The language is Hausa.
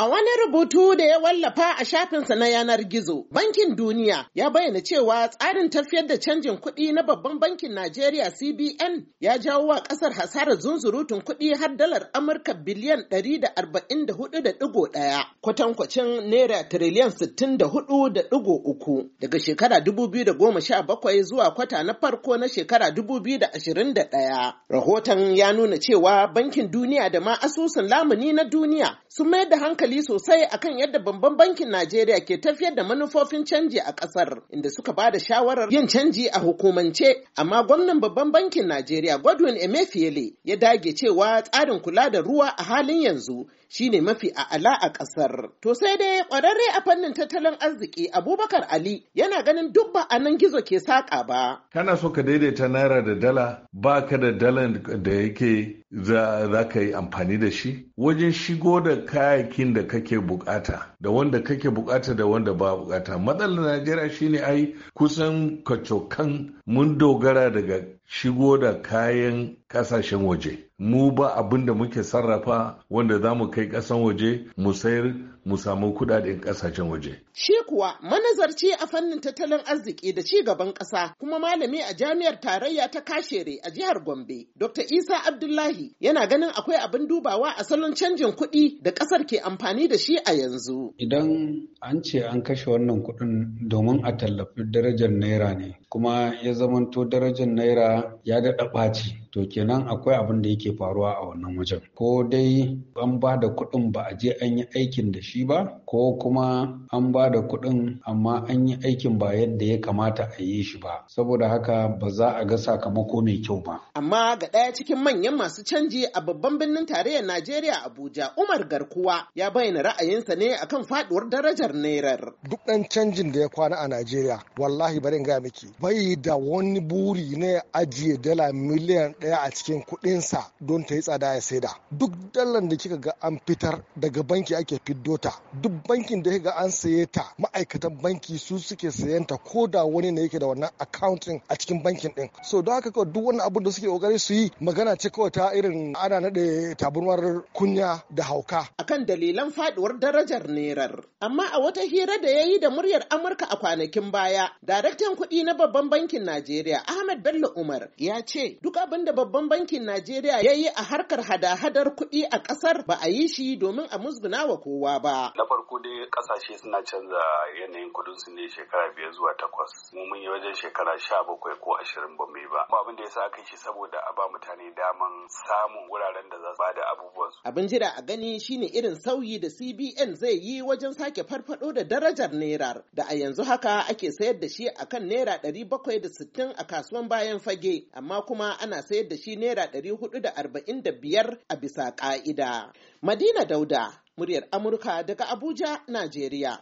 A wani rubutu da ya wallafa a shafinsa na yanar gizo, Bankin Duniya ya bayyana cewa tsarin tafiyar da canjin kuɗi na babban bankin Najeriya CBN ya jawo wa ƙasar hasarar zunzurutun kuɗi har dalar Amurka biliyan 144.1, kwatankwacin naira triliyan 64.3 daga shekara 2017 zuwa kwata na farko na shekara 2021. Rahoton ya nuna cewa Bankin Duniya da ma asusun lamuni na duniya sun mayar da hankali hankali sosai akan yadda babban bankin Najeriya ke tafiyar da manufofin canji a ƙasar, inda suka ba da shawarar yin canji a hukumance. Amma gwamnan babban bankin Najeriya Godwin Emefiele ya dage cewa tsarin kula da ruwa a halin yanzu shine mafi a'ala a ƙasar. To sai dai ƙwararre a fannin tattalin arziki Abubakar Ali yana ganin duk ba anan gizo ke saƙa ba. Kana so ka daidaita naira da dala ba ka da dalan da yake za ka yi amfani da shi wajen shigo da kayakin da kake bukata da wanda kake bukata da wanda ba bukata matsalar najeriya shine ai kusan kacokan mun dogara daga shigo da kayan kasashen waje mu ba abin da muke sarrafa wanda za mu kai kasan waje mu sayar mu samu kudaden kasashen waje. Shi kuwa manazarci a fannin tattalin arziki da ci gaban ƙasa kuma malami a jami'ar tarayya ta kashere a jihar Gombe. Dr. Isa Abdullahi yana ganin akwai abin dubawa a salon canjin kuɗi da ƙasar ke amfani da shi a yanzu. Idan an ce an kashe wannan kuɗin domin a tallafi darajar naira ne kuma ya zamanto darajar naira ya daɗa ɓaci to kenan akwai abin da yake faruwa a wannan wajen ko dai an ba da kuɗin ba a je an yi aikin da shi ba ko kuma an ba da kuɗin amma an yi aikin ba yadda ya kamata a yi shi ba saboda haka ba za a ga sakamako mai kyau ba amma ga ɗaya cikin manyan masu canji a babban birnin tarayyar najeriya abuja umar garkuwa ya bayyana ra'ayinsa ne akan faduwar darajar nairar duk ɗan canjin da ya kwana a najeriya wallahi bari in gaya miki bai da wani buri ne ajiye dala miliyan ɗaya a a cikin kuɗinsa don ta yi tsada ya saida duk dallan da kika ga an fitar daga banki ake fiddo ta duk bankin da kika ga an saye ta ma'aikatan banki su suke sayen ta ko da wani ne yake da wannan accounting a cikin bankin din so da haka kawai duk wani abun da suke kokari su yi magana ce kawai ta irin ana naɗe tabarmar kunya da hauka akan dalilan faduwar darajar nerar Amma a wata hira da ya yi da muryar Amurka a kwanakin baya, daraktan kuɗi na Babban Bankin Najeriya Ahmed Bello Umar ya ce duk abin da Babban Bankin Najeriya ya yi a harkar hada-hadar kuɗi a ƙasar ba a yi shi domin a musguna wa kowa ba. Na farko dai ƙasashe suna canza yanayin kuɗin su ne shekara biyar zuwa takwas. Mu mun yi wajen shekara sha bakwai ko ashirin ba mu yi ba. Abin da ya sa aka yi shi saboda a ba mutane daman samun wuraren da za su ba da su. Abin jira a gani shine irin sauyi da CBN zai yi wajen sake farfado da darajar nerar da a yanzu haka ake sayar da shi a kan naira 760 a kasuwan bayan fage amma kuma ana sayar da shi naira 445 a bisa ka'ida. Madina Dauda, muryar Amurka daga Abuja, Najeriya.